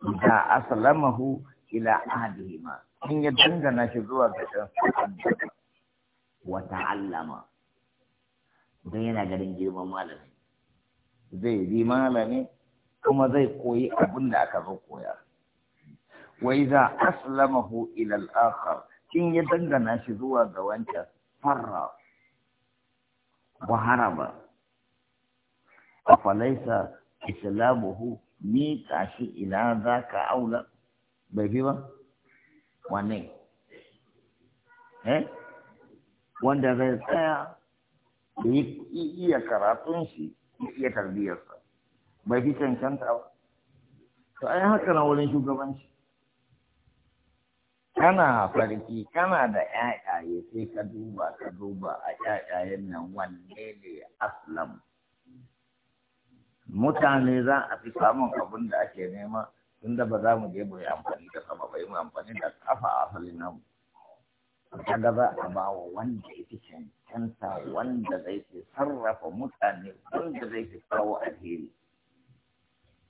da ila إذا أسلمه إلى أحدهما إن يدنغنا شدوا بشر وتعلم yana garin girman malami zai yi malami kuma zai koyi abin da aka zo koya wa idza aslamahu ila al-akhar kin ya dangana shi zuwa ga wancan farra wa haraba afalaysa islamuhu miƙa shi ina za ka aula bai fi ba wanne eh wanda zai tsaya da iya karatun shi iya tarbiyarsa bai fi cancanta ba to ai haka na wurin shugabanci kana farki kana da ƴaƴaye sai ka duba ka duba a ƴaƴayen nan wanne ne aslam mutane za a fi samun abin da ake nema tun da ba za mu je mu yi amfani da sama ba mu amfani da kafa a na mu ta gaba a ba wa wanda ita cancanta wanda zai fi sarrafa mutane wanda zai fi kawo alheri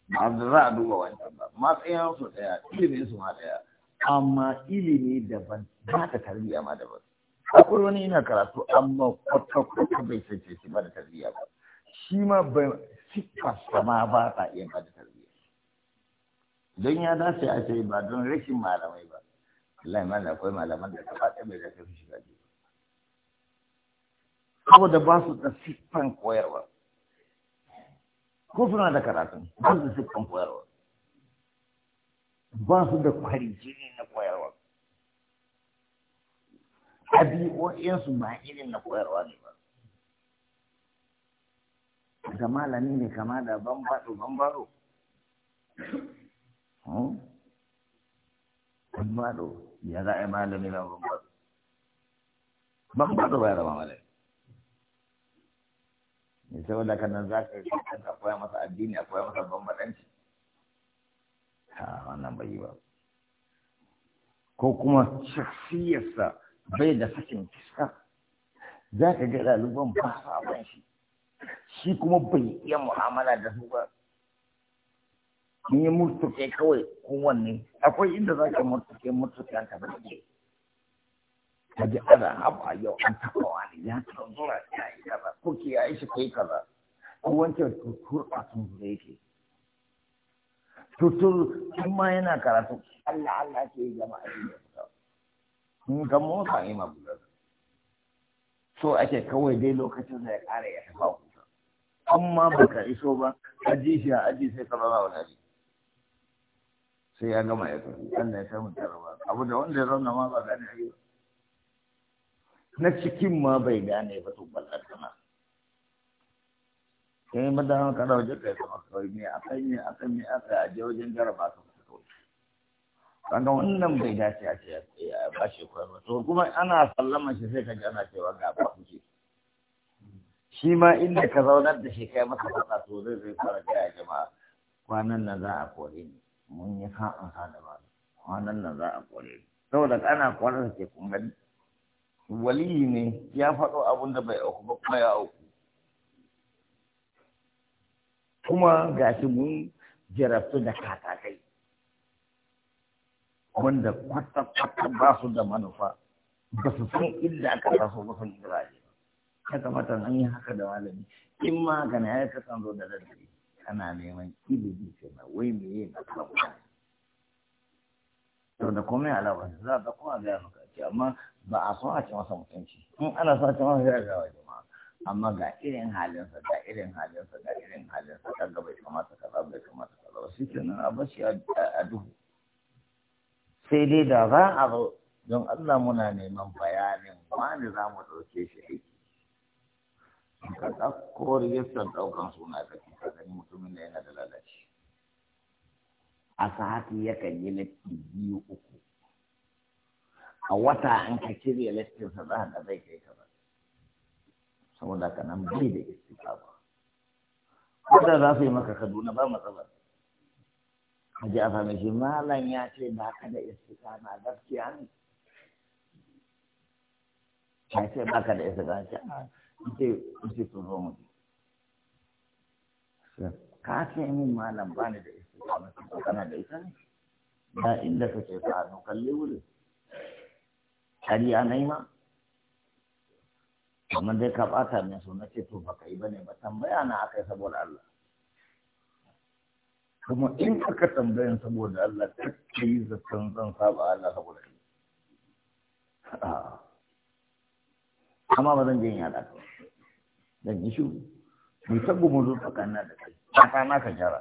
ba za a duba wancan ba matsayin su daya ilimi su ma daya amma ilimi daban ba ta tarbiyya ma daban akwai wani yana karatu amma kwata-kwata bai sace shi ba da tarbiyya ba shi ma siffarsa ma ba ta iya ba da tarbiyya don ya dace a ce ba don rashin malamai ba Allah ma da akwai malaman da gaba ɗaya bai da kafin shiga ji saboda ba su da siffan koyarwa ko suna da karatun ba su da siffan koyarwa ba su da jini na koyarwa ɗabi'o'insu ba irin na koyarwa ne ba ga malami ne kama da bambaro bambaro hmm? bambaro ya za a yi malami na bambaro bambaro bai zama malami ne sai wadda kanan za ka yi kan akwai masa addini akwai masa bambadanci ha wannan bai yi ba ko kuma shafiyarsa bai da sakin fiska za ka ga ɗaliban ba sa ban shi shi kuma bai iya mu'amala da su ba in yi murtuke kawai kowanne akwai inda za ka murtuke murtuke ka tafi ke ka ji ana a yau an taɓa wani ya taɓa zuwa ya yi kaza ko ke ya yi shi kai kaza ko wancan tutur a sun zura yake tutur in ma yana karatu Allah Allah ke yi jama'a yi da in ka motsa yi magular so ake kawai dai lokacin da ya ƙara ya taɓa ku amma ka iso ba aji shi a aji sai ka zama wani sai ya gama ya tafi Allah ya samu tarwa abu da wanda ya zauna ma ba gane ayi ba na cikin ma bai gane ba to ballar kana kai madan ka da waje kai kuma kawai a kan yi a kan akai a je wajen jaraba ka kawai kaga wannan bai dace a ce ya bashi shi kawai to kuma ana sallama shi sai ka ji ana cewa ga ba kuke shi ma inda ka zaunar da shi kai masa faɗa to zai zai fara gaya jama'a kwanan nan za a kore ni mun yi an sa da ba kwanan nan za a kore ni saboda kana kwanan ke kun gani waliyi ne ya faɗo abin da bai auku ba kuma ya auku kuma ga shi mun jarabtu da katakai wanda kwata-kwata ba su da manufa ba su san inda aka rasu ba sun giraje Ka kamata an yi haka da malami in ma haka na ya kasan zo da daddare kana neman ilimi ke na wai me yi na kafa to da komai alawa za ta kuma gaya maka ce amma ba a so a ci masa mutunci in ana so a ci masa ya gawa jama'a amma ga irin halinsa ga irin halinsa ga irin halinsa kan ga bai kamata ka kaza bai kamata kaza ba shi kenan a bashi a duhu sai dai da za a zo don Allah muna neman bayanin wani za mu ɗauke shi aiki ka ɗauko rijistar ɗaukan suna ka ce mutumin da yana da lalaci a ya yakan yi latti biyu uku a wata an ka cire lattinsa za ka zai kai ka ba saboda ka nan bai da ba. wanda za su yi maka kaduna ba matsala a ji a sami shi malam ya ce ba ka da na gaskiya ne Ka ce ba ka da istiqama ce ce to zo mu ka ce min malam ba ni da istiqama kana da ita ne da inda ka ce ka no kalli wuri shari'a nai ma kamar dai ka bata min so na ce to baka yi ba ne ba tambaya na yi saboda Allah kuma in aka tambayan saboda Allah kake yi zaton zan saba Allah saboda Allah amma ba zan je in yaɗa ba dan yi shiru mai ta gumuzu da kai ta fama ka gyara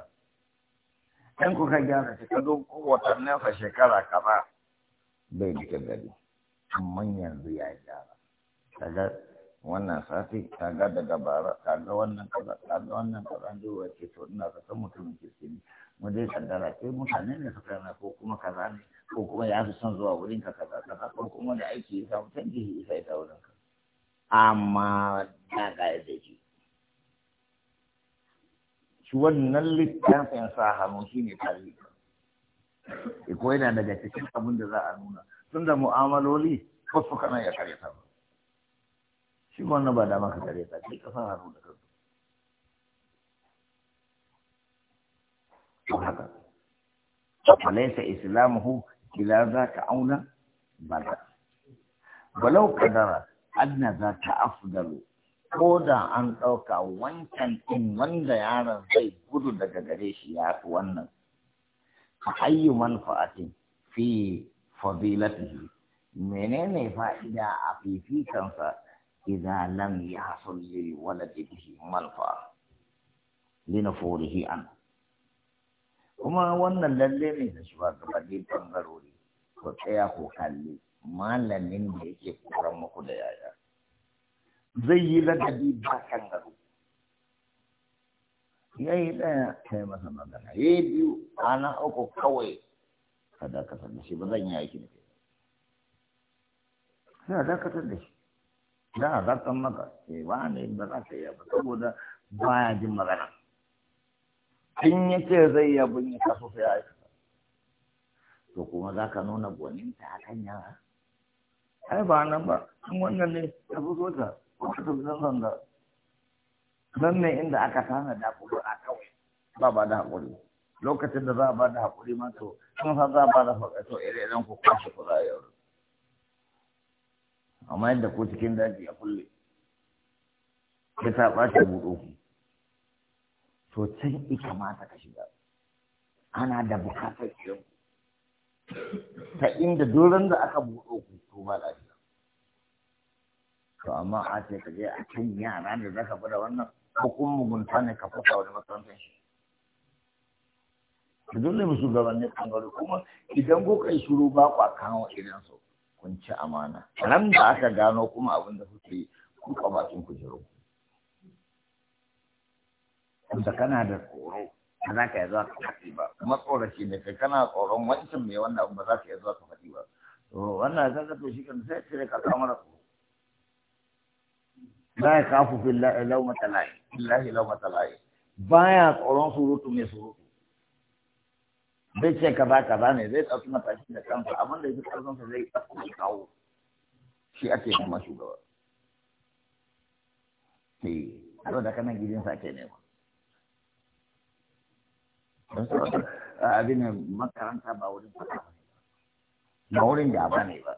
ɗan ku ka gyara shi ka zo watannin sa shekara ba bai da gari amma yanzu ya gyara kaga wannan sati kaga daga bara ga wannan kaza ga wannan kaza an zuwa ce to ina ka san mutumin ke ne mu dai kaddara sai mutane ne suka na ko kuma kaza ne ko kuma ya fi son zuwa wurin ka kaza kaza ko kuma da aiki ya samu canji ya isa ta wurin ka amma kaka da shi shi wannan littafin sa hannu shi ne tarihi eh, ko yana daga cikin abin da za a nuna tun da mu'amaloli wasu kana ya karyata ba shi wannan ba da ka karyata shi ka san hannu da kanka haka falaisa islamuhu ila za ka auna bala Balau kadara anna za ta afdalu ko da an ɗauka wancan ɗin wanda yaron zai gudu daga gare shi ya fi wannan a ayyu manfa'atin fi fadilatihi menene fa'ida a fifikansa idan lam yahsul lil waladi bihi manfa linafurihi an kuma wannan lalle ne da shugabanni bangarori ko tsaya ko kalli malamin da yake koran muku da yaya zai yi ladabi ba kan garo ya yi ɗaya yi masa magana ya yi biyu ana uku kawai ka dakatar da shi ba zan yi aiki da shi sai a dakatar da shi da a zartan maka sai eh, ba ne ba za ka yi ba saboda ba ya jin magana in ya ce zai yi abin ya kaso sai ya aikata to kuma za ka nuna gwaninta a kan yara ai ba nan ba wannan ne ta fi so ta nan ne inda aka tana da a kawai ba ba da haƙuri lokacin da za a ba da haƙuri ma to sun san za a ba da haƙuri to ire iren ku kwashe ku za a yau amma yadda ku cikin daji a kulle Ki ta ɓace buɗo ku to can i kamata ka shiga ana da bukatar irin ta inda doron da aka buɗo ku to ba lafiya to amma a ce ka je a kan yara da zaka bada wannan ko kuma mugunta ne ka fasa wani makarantar shi dole mu shugabanni bangare kuma idan ko kai shuru ba ku kawo idan kun ci amana ran da aka gano kuma abin da kuke yi ku ka bakin ku jiro da kana da tsoro ba za ka yi zuwa ka faɗi ba kuma tsoraci ne kai kana tsoron wancan mai wannan ba za ka yi zuwa ka faɗi ba to wannan zan ka to shi kan sai ka kama da tsoro baya kafu billahi lawmata matalai billahi lawmata matalai baya tsoron surutu mai surutu zai ce kaza kaza ne zai ɗauki matashi da kansa abin da yake karfin sa zai ɗauko shi kawo shi ake kuma shugaba eh abin da kanan gidan sa ke ne ba don saboda abin makaranta ba wurin fata ba ba wurin da ba ne ba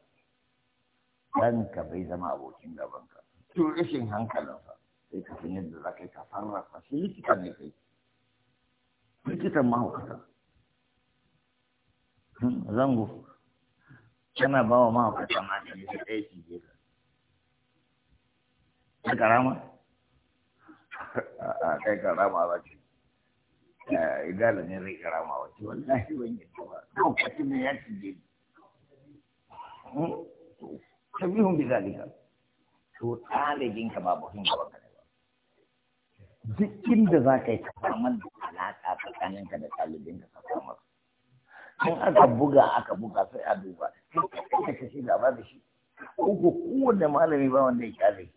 ɗanka bai zama abokin gabanka to rashin hankalinsa sai ka san yadda za ka yi ka sarrafa shi likitan ne kai likitan mahaukata hmm, zango kana ba wa mahaukata magani da ɗaya shi ke ta karama a kai karama ba ce igala ne zai karama ba ce wallahi ban yi ba lokacin ne ya cije ni hmm, tabihun bi zalika to ka ba buhun ba ka ba duk inda za ka yi kamar da alaƙa tsakaninka da talibin ka samar in aka buga aka buga sai a duba sai ka shi gaba da shi ko kowanne malami ba wanda ya kyale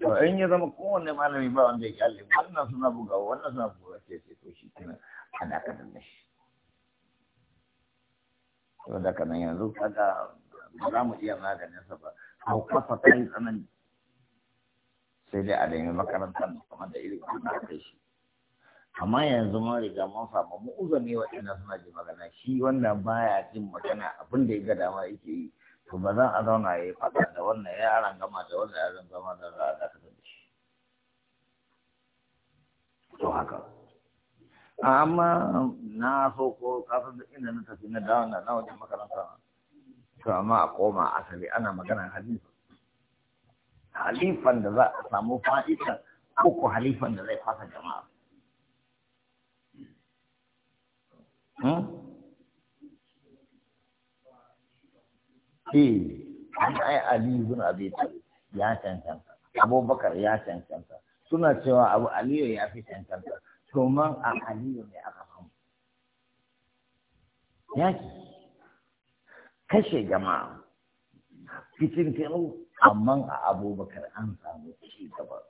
to in ya zama kowanne malami ba wanda ya kyale wannan suna bugawa wannan suna bugawa sai sai to shi kenan ana ka danna shi to da kana yanzu kaga ba za mu iya maganin sa ba hau kafa kai tsanani sai dai a nemi makarantar da kuma da irin kuma a kai shi amma yanzu mun riga mun samu mu uzumi waɗanda suna ji magana shi wanda baya jin magana abin da ya ga dama yake yi to ba zan a zauna ya yi fata da wannan yaran gama da wannan yaran gama da za a dakatar da shi to haka amma na so ko kasar da inda na tafi na dawo na wajen makaranta to amma a koma asali ana magana hadisi halifan da za a samu fa’ita ko halifan da zai fasa jama'a hmm? Eh, ai Ali ibn Abi ya cancanta, Abubakar ya cancanta. Suna cewa Abu Aliyu ya fi cancanta. To a Aliyu ne aka samu. Yaki kashe jama'a. Fitin kenu amma a abubakar an samu ci gaba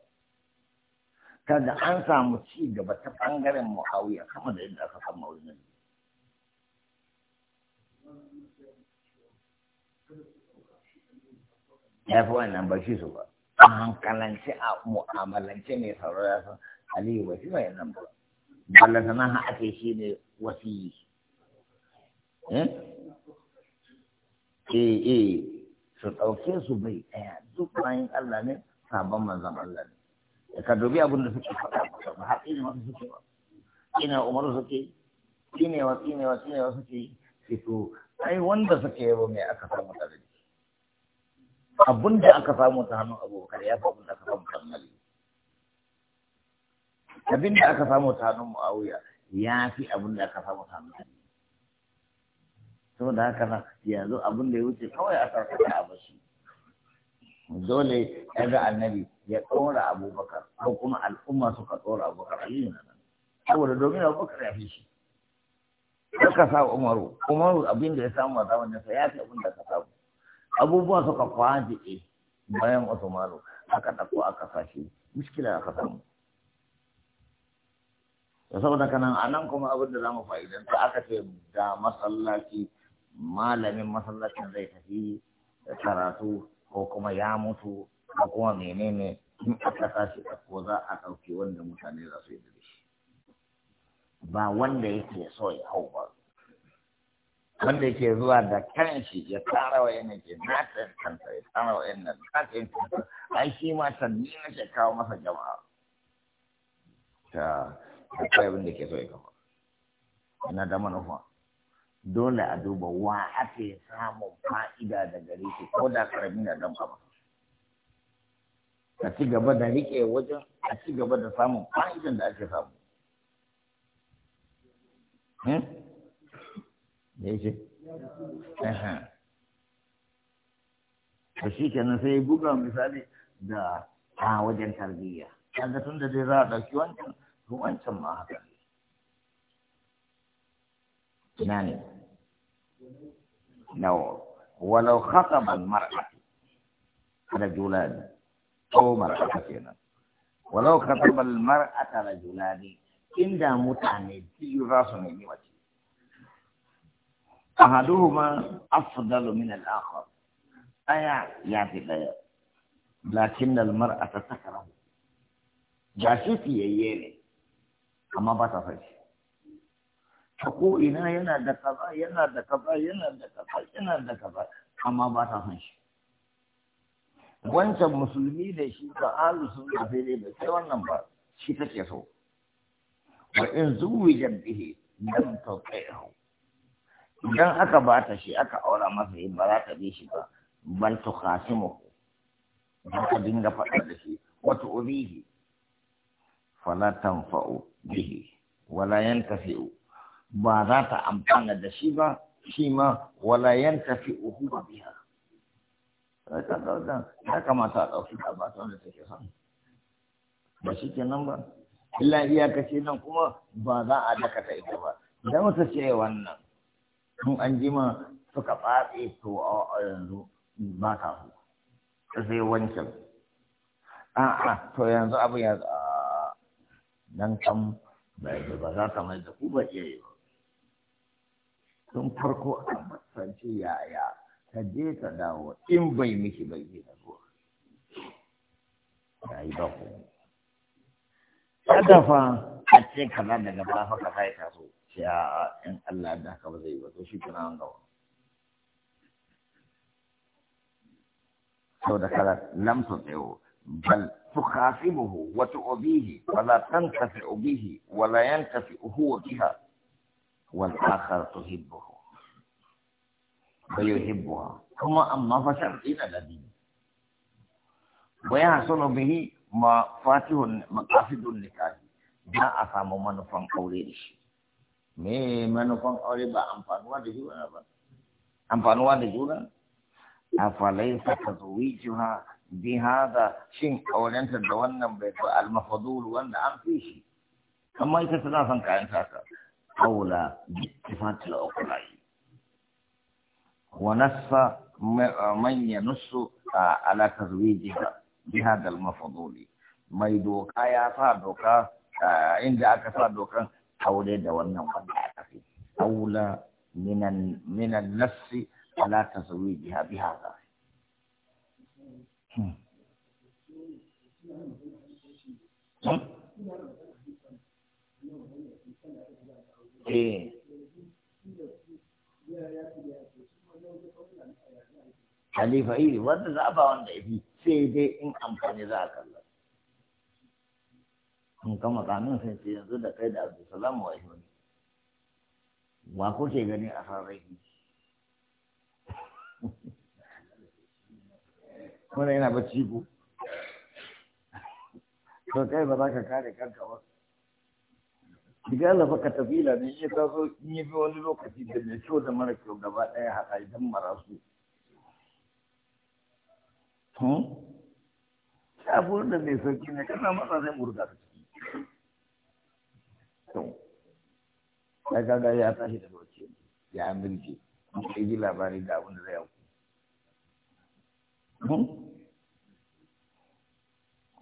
kada an samu ci gaba ta bangaren muawiya kama da yadda aka samu wajen ya fi wannan ba shi su ba a hankalance a mu'amalance ne sauro ya san aliyu ba shi ba yanzu ba balla ha ake shi ne wasiyi eh eh, eh. su ɗauke su bai ɗaya duk bayan Allah ne sabon manzan Allah ne ka dubi abin da suke faɗa ba har ina wasu suke ba ina umaru suke tsinewa tsinewa tsinewa suke fito ai wanda suke yabo mai aka samu ta da abin da aka samu ta hannun abubakar ya fi abin da aka samu ta hannu. abin da aka samu ta hannun mu'awuya ya fi abin da aka samu ta hannun saboda haka na zo abin da ya wuce kawai a sarkata a bashi dole ya ga annabi ya ɗora abubakar ko kuma al'umma suka ɗora abubakar a yi nan saboda domin abubakar ya fi shi ka sa umaru umaru abin da ya samu a zaman nasa ya fi abin da ka samu abubuwa suka e bayan usmanu aka ɗauko aka sashi muskila aka samu da saboda kanan a nan kuma abin da za mu fa'idanta aka ce da masallaci malamin masallacin zai tafi karatu ko kuma ya mutu ko kuma menene in aka tashi ko za a ɗauki wanda mutane za su yi da shi ba wanda yake so ya hau ba wanda yake zuwa da kanshi ya tara wa yana ke na kanta, ya tara wa yana na tantanta ai shi ma sanni na ke kawo masa jama'a ta kai wanda ke so ya kafa ina da manufa dole a duba wa ake samun fa'ida da gare shi ko da karami na dan kama. A ci gaba da riƙe wajen a ci gaba da samun fa'idan da ake samu da hmm? yake to shi kenan sai buga misali da a wajen tarbiyya kaga tun da dai za a ɗauki wancan wancan ma haka ina ne نو ولو خطب المرأة رجلان أو مرأة مرأتين ولو خطب المرأة رجلان إن دا راس من وجه أحدهما أفضل من الآخر أيا يعطي الآية لكن المرأة تكره جاسوسية يلي أما بطفش ta ko ina yana da kaza yana da kaza yana da kaza yana da kaza amma ba ta san shi wancan musulmi da shi ba alu sun da fere ba sai wannan ba shi ta ke so wa in zuwijan bihi lam hau. idan aka ba ta shi aka aura masa yi ba za ta bi shi ba ban bal tukhasimuhu ba ka dinga faɗa da shi wa tu'bihi fala tanfa'u bihi wala yantafi'u ba za ta amfana da shi ba shi ma wala yan tafi uku ba biya ya kamata a ɗauki da ba ta wanda take son ba shi ke nan ba illa iyaka ce nan kuma ba za a daka ta ita ba idan wata ce wannan in an ma suka fatse to a yanzu ba ka su sai wancan a'a to yanzu abu ya dan kam ba za ta mai da ku ba iya yi ba tun farko a matsance yaya ta je ta dawo in bai miki bai yi da zuwa ya yi ba ku fa a ce kaza daga ba haka sai ya so ce a in Allah da haka ba zai yi ba to shi kuna an gawa sau da kala lamsa tsayo بل wa وتؤذيه wala تنتفع bihi wala yantafi huwa biha والآخر تحبه ويحبها ثم أما فشر إلى الذين ويحصل به ما فاته مقاصد النكاح ما أسام من فان قولي me manufan aure ba amfanuwa da juna ba amfanuwa da juna afalaisa tazwijuha bi hada shin aurenta da wannan bai fi almafadul wanda an fi shi amma ita son kayan saka أولى باتفاق العقلاء ونص من ينص على تزويجها بهذا المفضول ما يدوكا يا صادوكا عند أكثر دوكا حولي دورنا وانا أولى من من النص على تزويجها بهذا Hmm? eh halifa iri wanda za ba wanda ya fi sai dai in amfani za a kalla in kama kanin sai ce yanzu da kai da abdulsalam wa ba wa kuke gani a sarrafi wanda yana bacci ku to kai ba za ka kare kanka wasu. Diga lafa ka tafila ne ya ta in yi fi wani lokaci da mai kyau da mara kyau gaba ɗaya haɗa idan mara su. Hmm? Shafur da mai sauki ne kasa masa zai murga su ciki. Ya gaga ya tashi da lokaci ya amince. Ka yi labari da abin da zai hau. Hmm?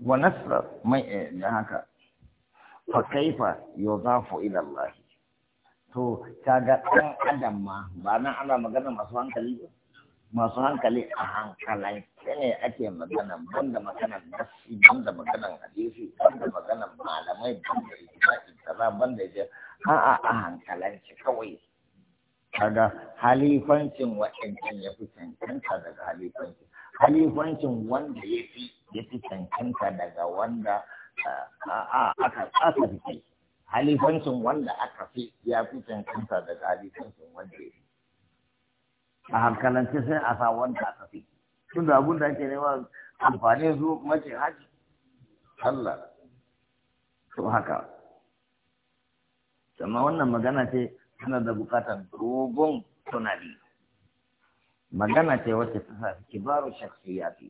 Wa nasra mai eh, da haka fa kaifa yuzafu ila Allah to kaga dan adam ma ba nan ana magana masu hankali ba masu hankali a hankalan ne ake magana banda magana nasi banda magana hadisi banda magana malamai banda ijma'i kaza banda je a a hankalan kawai kaga halifancin wa'ancan ya fi cancanta daga halifancin halifancin wanda ya fi ya fi cancanta daga wanda aka aka fi halifancin wanda aka fi ya fi cancanta daga halifancin wanda ya fi a hankalance sai a sa wanda aka fi tun da abun da ake nema amfani su mace haji Allah to haka amma wannan magana ce tana da bukatar dogon tunani magana ce wacce ta sa kibaru shakhsiyati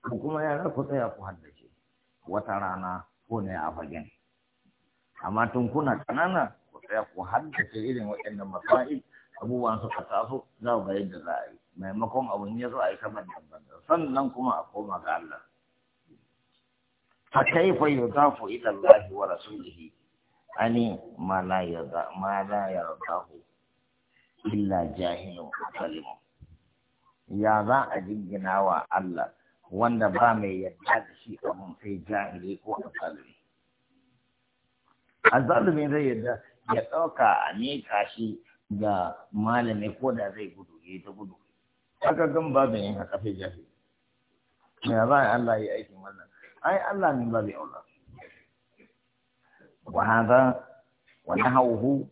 ko kuma yara ku tsaya ku haddace wata rana ko ne a fagen amma tun kuna ƙanana ku tsaya ku haddace irin waɗannan masail abubuwan suka taso za ku ga yadda za a yi maimakon abun ya zo a yi kaman dabbar sannan kuma a koma ga Allah fa kaifa yudafu ila Allah wa rasulihi ani ma la yarda ma la illa jahilu salimu ya za a jingina wa Allah wanda ba mai yadda da shi a sai jahili ko azalumi azalumi zai yadda ya ɗauka a ne shi ga malami ko da zai gudu ya yi ta gudu haka gan ba mai yin haka jahili ya ba Allah ya aikin wannan ai Allah ne ba zai aula wa haza wa nahawhu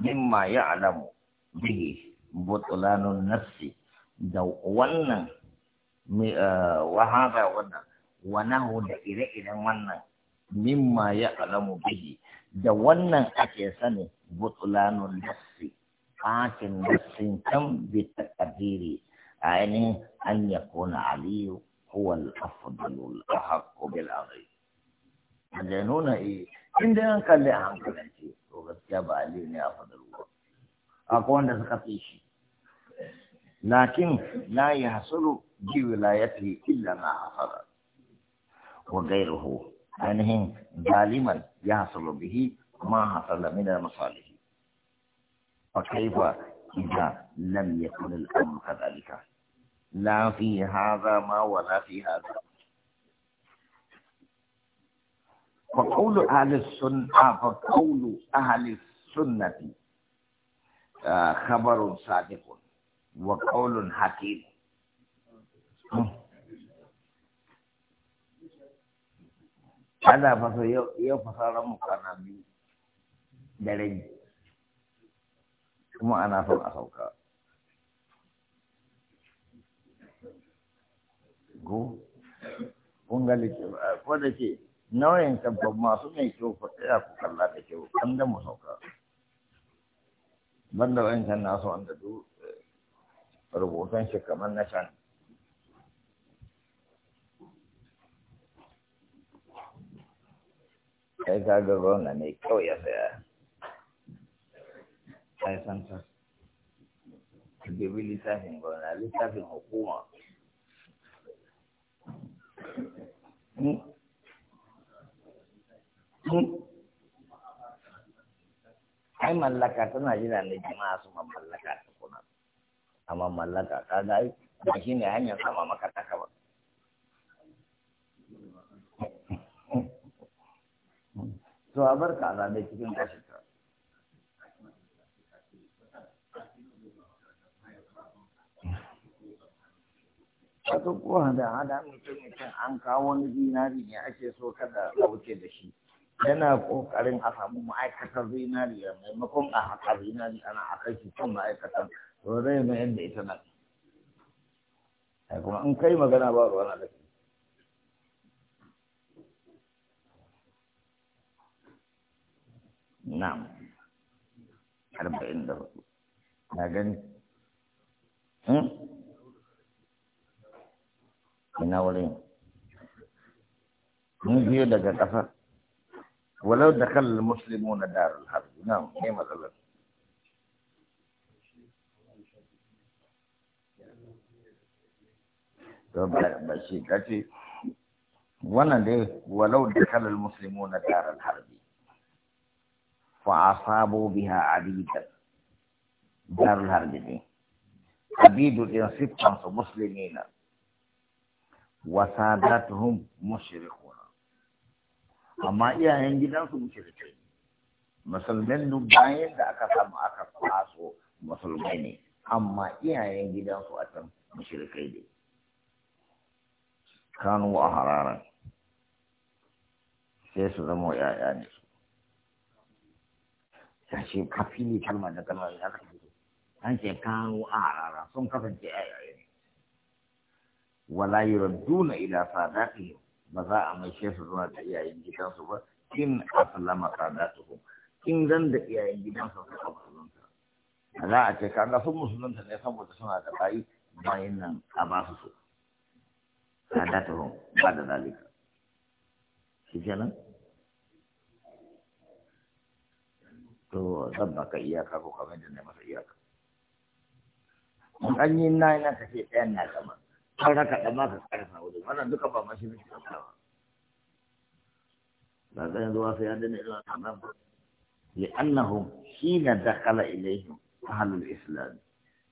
mimma ya'lamu bihi butlanun nafsi da wannan Eh, wahaba wannan wanahu da ire-iren wannan mimma ya alamu bihi da wannan ake sani butulanun nassi fatin nassin kan bi takadiri ainihin an yakuna aliyu huwa al-afdalu al-ahqqu bil amri da nuna eh inda an kalli a hankalance to gaskiya ba aliyu ne afdalu ba akwai wanda suka fi shi lakin la yahsulu بولايته إلا ما حصل وغيره أنه ظالما يحصل به ما حصل من المصالح فكيف إذا لم يكن الأمر كذلك لا في هذا ما ولا في هذا فقول أهل السنة فقول أهل السنة آه، خبر صادق وقول حكيم Oh. fa faso yau fasarar mu kana biyu da rai kuma ana son a sauka go kun ga ko da ce nauyin tabbar masu mai kyau ko tsaya ku kalla da kyau kan da mu sauka banda so an da du eh, rubutan shi kamar na can kai ka ga gona ne kyau ya saya ai san ta dubi littafin gona littafin hukuma hmm? Hmm? ai mallaka tana jira ne jama'a su mallaka ta kuna amma mallaka ka ga ai shi ne hanyar sama maka taka ba to a bar kaza dai cikin kashi ta wato ko da hada mutum mutum an kawo wani zinari ne ake so kada a wuce da shi yana kokarin a samu ma'aikatar zinari a maimakon a haka zinari ana a kai shi kan ma'aikatar to zai mai yadda ita na kuma in kai magana ba ruwa na da shi نعم أربعين دقيقة بعدين من أولين من دقا قفا ولو دخل المسلمون دار الحرب نعم كيف مثلا بس وانا ليه ولو دخل المسلمون دار الحرب darul فأصابوا بها عبيدا دار الهرجدين عبيد الإنسبة مسلمين وسادتهم مشركون amma iyayen gidansu mushrikai musulmin duk bayan da aka samu aka kwaso musulmai ne amma iyayen gidansu a can mushrikai ne kanu a hararan sai su zama ya'ya ne sashe ka fili kalma da kalma da aka fito an ce kawo a rara sun kasance a ne wala yuradduna ila ke. ba za a mai su zuwa ga iyayen gidansu ba Kin in aslama sadatuhum Kin zan da iyayen gidansu suka musulunta za a ce kaga sun musulunta ne saboda suna da bayi bayan nan a ba su su sadatuhum ba da zalika shi kenan to zan baka iyaka ko kamar yadda na masa iyaka an yi na yana tafiya ɗaya na gama har raka ma ka ƙarfa wajen wannan duka ba mashi mishi ƙarfa ba ga yanzu wasu ya dana irin wannan ba li'annahum hina dakala ilaihim ahlul islam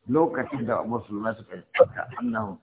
lokacin da musulmai suka tsaka annahum